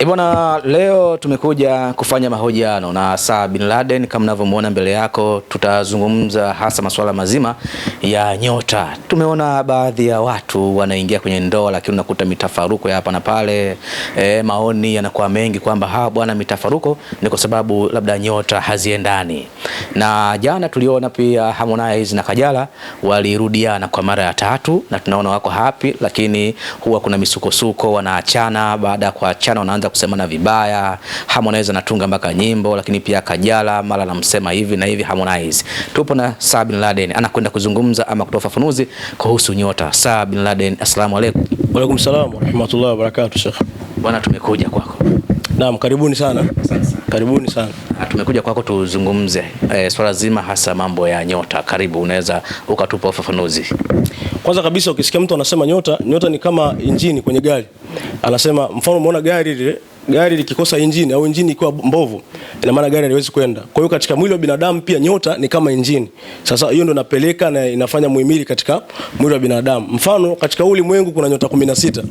E bwana, leo tumekuja kufanya mahojiano na Sir Bin Laden kama mnavyomuona mbele yako. Tutazungumza hasa masuala mazima ya nyota. Tumeona baadhi ya watu wanaingia kwenye ndoa, lakini unakuta mitafaruko ya hapa na pale. E, maoni yanakuwa mengi kwamba ha bwana, mitafaruko ni kwa sababu labda nyota haziendani. Na jana tuliona pia Harmonize na Kajala walirudiana kwa mara ya tatu, na tunaona wako happy, lakini huwa kuna misukosuko, wanaachana. Baada ya kuachana wanaanza anaweza kusemana vibaya. Harmonize anatunga mpaka nyimbo, lakini pia Kajala mara anamsema hivi na hivi Harmonize. Tupo na saa Bin Laden anakwenda kuzungumza ama kutoa ufafanuzi kuhusu nyota. saa Bin Laden, asalamu alaykum. Wa salaam wa rahmatullahi wa barakatuh. Sheikh bwana, tumekuja kwako Naam, karibuni sana. Karibuni sana. Ah, tumekuja kwako tuzungumze e, swala zima hasa mambo ya nyota. Karibu, unaweza ukatupa ufafanuzi. Kwanza kabisa ukisikia mtu anasema nyota, nyota ni kama injini kwenye gari. Anasema mfano umeona gari lile gari likikosa injini au injini ikiwa mbovu, ina maana gari haliwezi kwenda. Kwa hiyo katika mwili wa binadamu pia nyota ni kama injini. Sasa hiyo ndio inapeleka na inafanya muhimili katika mwili wa binadamu. Mfano, katika ulimwengu kuna nyota 16.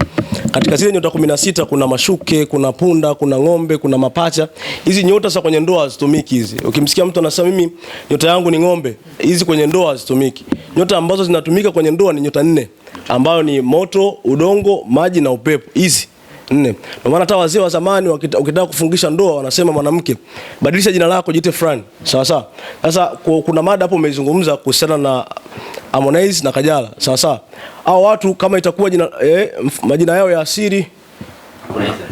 Katika zile nyota 16 kuna mashuke, kuna punda, kuna ng'ombe, kuna mapacha. Hizi nyota sasa kwenye ndoa hazitumiki hizi. Ukimsikia mtu anasema mimi nyota yangu ni ng'ombe, hizi kwenye ndoa hazitumiki. Nyota ambazo zinatumika kwenye ndoa ni nyota nne, ambayo ni moto, udongo, maji na upepo. Hizi nne. Ndio maana hata wazee wa zamani ukitaka kufungisha ndoa wanasema mwanamke, badilisha jina lako jiite fulani. Sawa sawa. Sasa kuna mada hapo umeizungumza kuhusiana na Harmonize na Kajala. Sawa sawa. Hao watu kama itakuwa jina, eh, majina yao ya asili Harmonize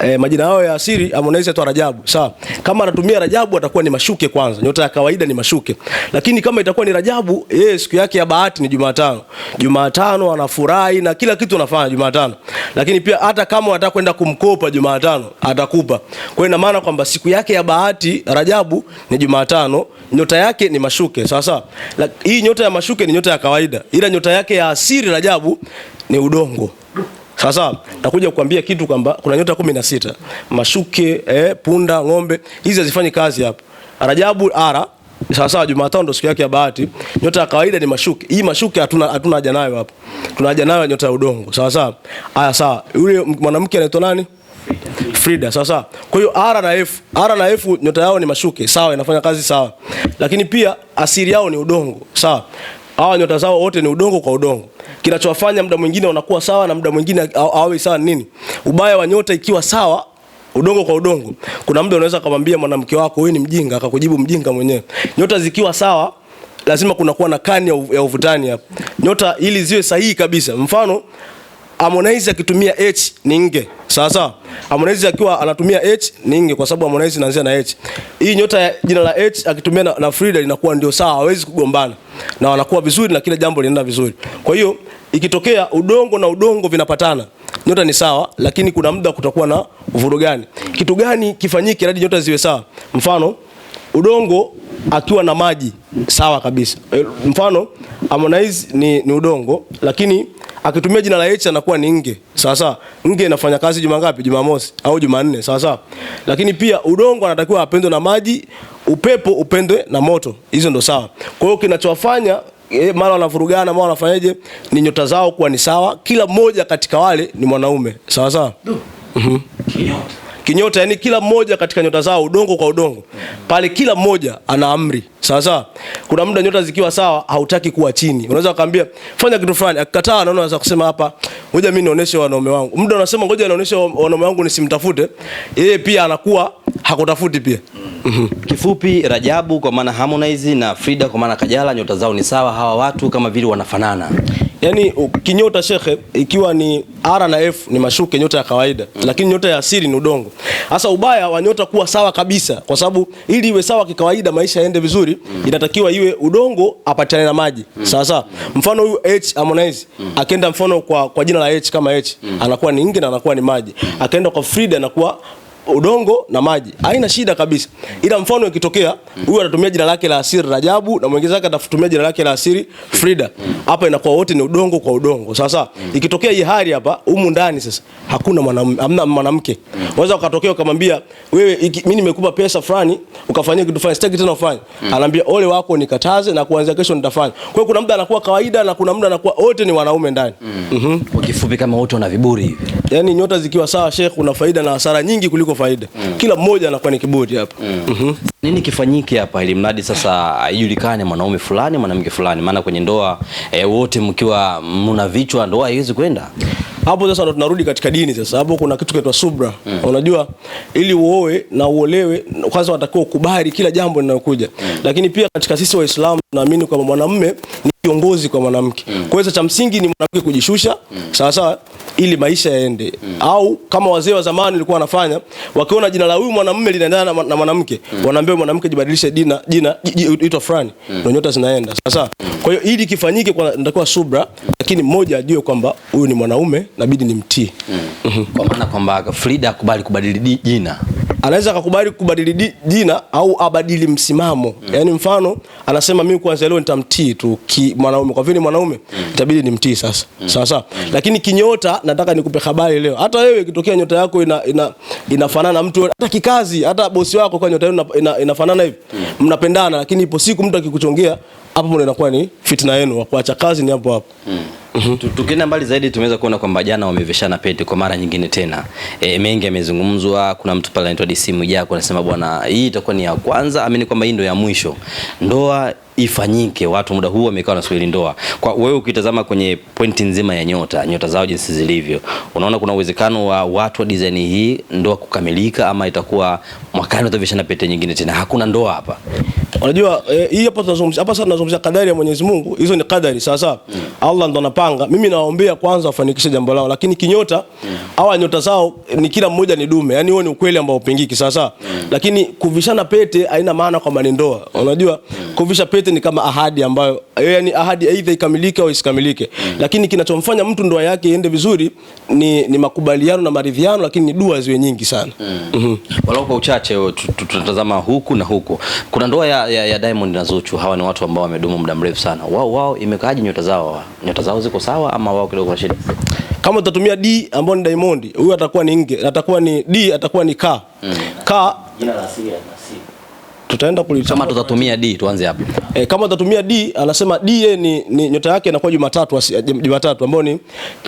eh, majina yao ya asili Harmonize anaitwa Rajabu. Sawa. Kama anatumia Rajabu atakuwa ni mashuke kwanza. Nyota ya kawaida ni mashuke. Lakini kama itakuwa ni Rajabu, yeye siku yake ya bahati ni Jumatano. Jumatano anafurahi na kila kitu anafanya Jumatano. Lakini pia hata kama anataka kwenda kumkopa Jumatano, atakupa. Kwa hiyo ina maana kwamba siku yake ya bahati Rajabu ni Jumatano, nyota yake ni mashuke. Sawa sawa. Hii nyota ya mashuke ni nyota ya kawaida. Ila nyota yake ya asili Rajabu ni udongo. Sasa nakuja kukuambia kitu kwamba kuna nyota kumi na sita mashuke, eh, punda, ng'ombe, hizi hazifanyi kazi hapo. Rajabu ara sawa sawa, Jumatano ndo siku yake ya bahati. Nyota ya kawaida ni mashuke. Hii mashuke hatuna hatuna haja nayo hapo, tuna haja nayo nyota ya udongo. Sawa sawa, haya sawa. Yule mwanamke anaitwa nani? Frida, sawa sawa. Kwa hiyo R na F, R na F nyota yao ni mashuke, sawa, inafanya kazi sawa, lakini pia asili yao ni udongo, sawa hawa nyota zao wote ni udongo kwa udongo. Kinachowafanya muda mwingine wanakuwa sawa na muda mwingine hawawi sawa nini? Ubaya wa nyota ikiwa sawa udongo kwa udongo, kuna muda unaweza kumwambia mwanamke wako wewe ni mjinga, akakujibu mjinga mwenyewe. Nyota zikiwa sawa lazima kuna kuwa na kani ya uvutani hapo. Nyota ili ziwe sahihi kabisa, mfano Harmonize akitumia H ni nge. Sawa sawa. Harmonize akiwa anatumia H ni nge kwa sababu Harmonize inaanzia na H. Hii nyota ya jina la H akitumia na, na Frida inakuwa ndio sawa, hawezi kugombana na wanakuwa vizuri na kila jambo linaenda vizuri. Kwa hiyo ikitokea udongo na udongo vinapatana, nyota ni sawa, lakini kuna muda kutakuwa na vurugani. Kitu gani kifanyike hadi nyota ziwe sawa? Mfano udongo akiwa na maji sawa kabisa. Eh, mfano Harmonize ni, ni udongo lakini Akitumia jina la H anakuwa ni nge. Sawa sawa. Nge inafanya kazi juma ngapi? Jumamosi au Jumanne. Sawa sawa. Lakini pia udongo anatakiwa apendwe na maji, upepo upendwe na moto. Hizo ndo sawa. Kwa hiyo kinachowafanya E, mara wanavurugana mara wanafanyaje, ni nyota zao kuwa ni sawa. Kila mmoja katika wale ni mwanaume sawa sawa. Mhm kinyota, yani kila mmoja katika nyota zao udongo kwa udongo pale, kila mmoja ana amri sawa sawa. Kuna muda nyota zikiwa sawa hautaki kuwa chini, unaweza kukaambia fanya kitu fulani, akikataa, naona unaweza kusema hapa, ngoja mimi nionyeshe wanaume wangu. Muda unasema ngoja nionyeshe wanaume wangu nisimtafute, yeye pia anakuwa hakutafuti pia. Mm -hmm. Kifupi, Rajabu kwa maana Harmonize na Frida kwa maana Kajala, nyota zao ni sawa, hawa watu kama vile wanafanana yani kinyota shekhe, ikiwa ni R na F ni mashuke nyota ya kawaida mm. Lakini nyota ya asili ni udongo. Sasa ubaya wa nyota kuwa sawa kabisa, kwa sababu ili iwe sawa kikawaida, maisha yaende vizuri mm. Inatakiwa iwe udongo apatane na maji mm. Sawa sawa, mfano huyu H Harmonize mm. akenda mfano kwa, kwa jina la H kama H mm. Anakuwa ni ngi na anakuwa ni maji, mm. akaenda kwa Frida anakuwa udongo na maji, haina shida kabisa. Ila mfano ikitokea huyu anatumia jina lake la asili Rajabu na mwingine zake atatumia jina lake la asili Frida, hapa inakuwa wote ni udongo kwa udongo. Sasa ikitokea hii hali hapa humu ndani, sasa hakuna mwanamke, hamna mwanamke. Unaweza ukatokea ukamwambia wewe, mimi nimekupa pesa fulani ukafanyia kitu fulani, sitaki tena ufanye, anaambia ole wako, nikataze na kuanzia kesho nitafanya. Kwa hiyo kuna muda anakuwa kawaida na kuna muda anakuwa wote ni wanaume ndani. Mm. Mhm, Kwa kifupi, kama wote wana viburi hivi, yani nyota zikiwa sawa, Sheikh, una faida na hasara nyingi kuliko faida mm. Kila mmoja anakuwa ni kiburi hapa mm. mm -hmm. Nini kifanyike hapa ili mradi sasa ijulikane mwanaume fulani mwanamke fulani, maana kwenye ndoa e, wote mkiwa mna vichwa ndoa haiwezi kwenda hapo. Sasa ndo tunarudi katika dini sasa. Hapo kuna kitu kinaitwa subra mm. Unajua, ili uoe na uolewe, kwanza unatakiwa ukubali kila jambo linalokuja mm. Lakini pia katika sisi Waislamu Naamini kwamba mwanamume ni kiongozi kwa mwanamke mm. Kwa hiyo cha msingi ni mwanamke kujishusha mm. sawa sawa, ili maisha yaende mm. au kama wazee wa zamani walikuwa wanafanya, wakiona jina la huyu mwanamume linaendana na mwanamke mm. wanaambia mwanamke jibadilishe jina jina itwa fulani mm. na nyota zinaenda sawa sawa. Mm. Kwa hiyo ili kifanyike, kwa nitakuwa subra, lakini mmoja ajue kwamba huyu ni mwanaume, nabidi nimtii mm. mm -hmm. kwa maana kwamba Frida akubali kubadili jina anaweza akakubali kubadili jina au abadili msimamo mm. Yani mfano anasema mimi kuanzia leo nitamtii tu mwanaume, kwa vile ni mwanaume hmm. itabidi nimtii sasa, hmm. sawa sawa. Hmm. Lakini kinyota, nataka nikupe habari leo, hata wewe ikitokea nyota yako ina, ina, inafanana na mtu, hata kikazi, hata bosi wako kwa nyota yenu ina, inafanana hivi, mnapendana, lakini ipo siku mtu akikuchongea hapo ndio inakuwa ni fitna yenu wa kuacha kazi ni hapo hapo. Mm. Mm -hmm. Mhm. Tukienda mbali zaidi tumeweza kuona kwamba jana wamevishana pete kwa mara nyingine tena. E, mengi yamezungumzwa. Kuna mtu pale anaitwa DC Mwijaku anasema bwana, hii itakuwa ni ya kwanza, amini kwamba hii ndio ya mwisho. Ndoa ifanyike, watu muda huu wamekaa na swali ndoa. Kwa wewe ukitazama kwenye pointi nzima ya nyota, nyota zao jinsi zilivyo, unaona kuna uwezekano wa watu wa design hii ndoa kukamilika, ama itakuwa mwakani watavishana pete nyingine tena? Hakuna ndoa hapa. Unajua eh, hii hapa tunazungumzia hapa sasa tunazungumzia kadari ya Mwenyezi Mungu. Hizo ni kadari sawa sawa. Mm. Allah ndo anapanga. Mimi nawaombea kwanza wafanikishe jambo lao, lakini kinyota mm. au nyota zao ni kila mmoja ni dume. Yaani huo ni ukweli ambao upingiki sawa sawa. Mm. Lakini kuvishana pete haina maana kwa manendoa. Unajua mm. kuvisha pete ni kama ahadi ambayo yaani ahadi aidha ikamilike au isikamilike. Mm. Lakini kinachomfanya mtu ndoa yake iende vizuri ni, ni makubaliano na maridhiano, lakini ni dua ziwe nyingi sana. Mm. Mm -hmm. Walau kwa uchache tutatazama huku na huku. Kuna ndoa ya ya, ya Diamond na Zuchu, hawa ni watu ambao wamedumu muda mrefu sana. Wao wao imekaaje nyota zao? Nyota zao ziko sawa ama wao kidogo shida? Kama utatumia D ambao ni Diamond, huyu atakuwa ni nge, atakuwa ni D, atakuwa ni K. Mm. K jina la asili tutaenda kulitama. Kama tutatumia D tuanze hapo. E, kama tutatumia D anasema D ye ni, ni nyota yake inakuwa Jumatatu, eh, Jumatatu ambayo ni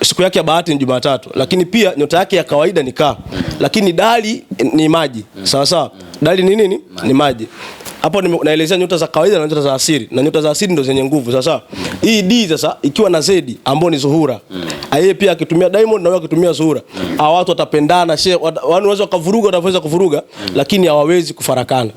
siku yake ya bahati ni Jumatatu, lakini pia nyota yake ya kawaida ni Kaa, mm. lakini dali ni maji. Mm. Sawa sawa, dali ni nini? Ni maji hapo naelezea nyota za kawaida na nyota za asili, na nyota za asili ndo zenye nguvu. Sasa hii D sasa ikiwa na Z ambao ni Zuhura, mm. Aye pia akitumia Diamond na wewe akitumia Zuhura, hao watu watapendana, she, waweza yaani wakavuruga, wanaweza kuvuruga, mm. lakini hawawezi kufarakana.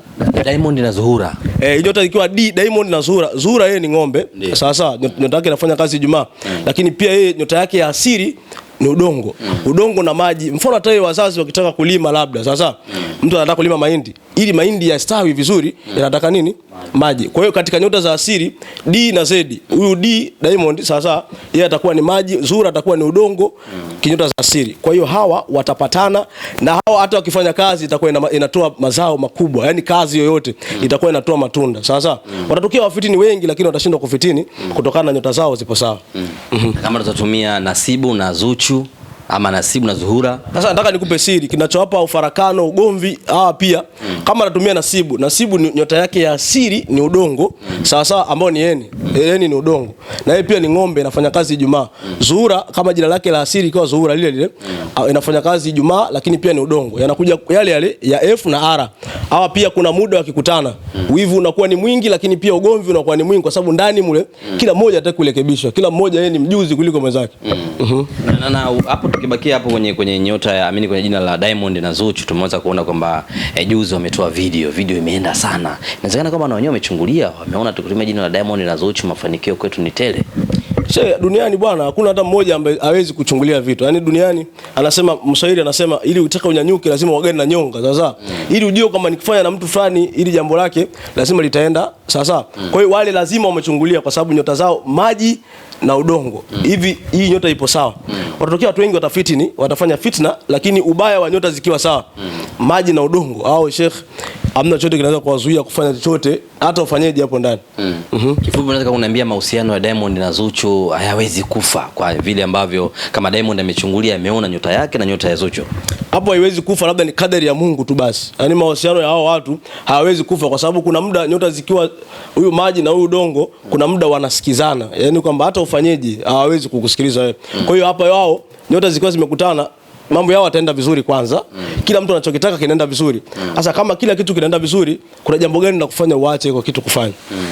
Diamond na Zuhura, eh, nyota ikiwa D Diamond na Zuhura. Zuhura yeye ni ng'ombe, sasa nyota yake inafanya kazi Ijumaa, mm. lakini pia yeye nyota yake ya asili ni udongo mm. udongo na maji. Mfano hata wazazi wakitaka kulima labda sasa mm. mtu anataka kulima mahindi, ili mahindi yastawi vizuri mm. yanataka nini? Maji. Kwa hiyo katika nyota za asili D na Z, huyu D Diamond sasa yeye atakuwa ni maji, Zura atakuwa ni udongo mm. kinyota za asili. Kwa hiyo hawa watapatana, na hawa hata wakifanya kazi itakuwa inatoa mazao makubwa, yani kazi yoyote mm. itakuwa inatoa matunda. Sasa mm. watatokea wafitini wengi, lakini watashindwa kufitini mm. kutokana na nyota zao zipo sawa mm. mm -hmm. kama tutatumia nasibu na zuchi True. ama Nasibu na Zuhura. Sasa nataka nikupe siri kinachowapa ufarakano ugomvi hawa pia mm. kama anatumia Nasibu, Nasibu ni nyota yake ya siri ni udongo mm. sawa sawa, ambao ni yeni mm. yeni ni udongo na yeye pia ni ng'ombe, inafanya kazi Ijumaa mm. Zuhura kama jina lake la asili kwa Zuhura lile lile mm. inafanya kazi Ijumaa, lakini pia ni udongo, yanakuja yale yale ya F na R. Hawa pia kuna muda wakikutana mm. wivu unakuwa ni mwingi, lakini pia ugomvi unakuwa ni mwingi kwa sababu ndani mule mm. kila mmoja atakurekebisha, kila mmoja yeye ni mjuzi kuliko mwenzake mm. mm -hmm. na, na, na, Tukibakia hapo kwenye kwenye nyota ya amini kwenye jina la Diamond na Zuchu, tumeweza kuona kwamba eh, juzi wametoa video, video imeenda sana. Inawezekana kwamba na wenyewe wamechungulia, wameona tukitumia jina la Diamond na Zuchu mafanikio kwetu ni tele. Sasa duniani bwana, hakuna hata mmoja ambaye hawezi kuchungulia vitu. Yaani duniani anasema mswahili anasema ili utaka unyanyuke lazima uagane na nyonga, Sasa Mm. Ili ujue kama nikifanya na mtu fulani ili jambo lake lazima litaenda sasa. Mm. Kwa hiyo wale lazima wamechungulia kwa sababu nyota zao maji na udongo. Mm. Hivi hii nyota ipo sawa. Mm. Watatokea watu wengi watafitini, watafanya fitna lakini ubaya wa nyota zikiwa sawa. Mm. Maji na udongo au Sheikh hamna chochote kinaweza kuwazuia kufanya chochote hata ufanyeje hapo ndani. mm. mm -hmm. Mhm. Kifupi unaweza kuniambia mahusiano ya Diamond na Zuchu hayawezi kufa kwa vile ambavyo kama Diamond amechungulia ameona nyota yake na nyota ya Zuchu hapo haiwezi kufa, labda ni kadari ya Mungu tu basi. Yaani mahusiano ya hao watu hayawezi kufa, kwa sababu kuna muda nyota zikiwa huyu maji na huyu udongo, kuna muda wanasikizana, yaani kwamba hata ufanyeje hawawezi kukusikiliza wewe. Hmm. Kwa hiyo hapa wao nyota zikiwa zimekutana mambo yao ataenda vizuri kwanza. Mm. Kila mtu anachokitaka kinaenda vizuri. Sasa mm. kama kila kitu kinaenda vizuri, kuna jambo gani la kufanya uache kwa kitu kufanya? Mm.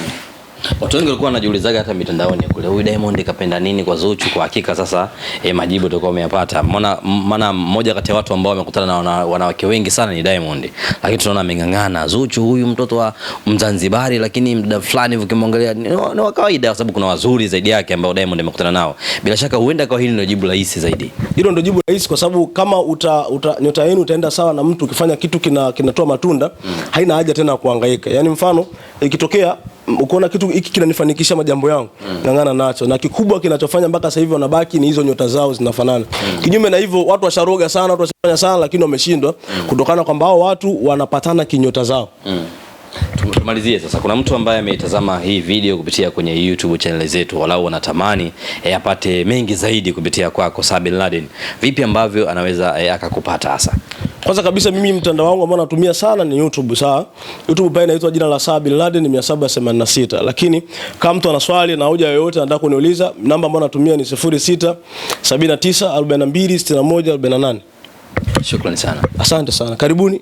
Watu wengi walikuwa wanajiulizaga hata mitandaoni kule, huyu Diamond kapenda nini kwa Zuchu? Kwa hakika sasa eh, majibu tutakuwa umeyapata, maana maana mmoja kati ya watu ambao wamekutana na wanawake wengi sana ni Diamond, lakini tunaona ameng'ang'ana. Zuchu huyu mtoto wa Mzanzibari, lakini mda fulani ukimwangalia ni no, no, kawaida, kwa sababu kuna wazuri zaidi yake ambao Diamond amekutana nao. Bila shaka huenda kwa hili ndio jibu rahisi zaidi. Hilo ndio jibu rahisi kwa sababu kama uta, uta, nyota yenu itaenda sawa na mtu ukifanya kitu kinatoa kina matunda mm. haina haja tena kuhangaika. Yaani mfano ikitokea ukiona kitu hiki kinanifanikisha majambo yangu mm. ng'ang'ana nacho, na kikubwa kinachofanya mpaka sasa hivi wanabaki ni hizo nyota zao zinafanana mm. Kinyume na hivyo, watu washaroga sana, watu washafanya sana, lakini wameshindwa mm. kutokana kwamba hao watu wanapatana kinyota zao mm tumalizie sasa. Kuna mtu ambaye ameitazama hii video kupitia kwenye YouTube channel zetu, walau wanatamani eh, apate mengi zaidi kupitia kwako Sir Bin Laden, vipi ambavyo anaweza e, akakupata hasa? Kwanza kabisa mimi mtandao wangu ambao natumia sana ni YouTube. Saa YouTube pale inaitwa jina la Sir Bin Laden 786, lakini kama mtu ana swali na hoja yoyote anataka kuniuliza, namba ambayo natumia ni 0679 42 61 48. Shukrani sana, asante sana, karibuni.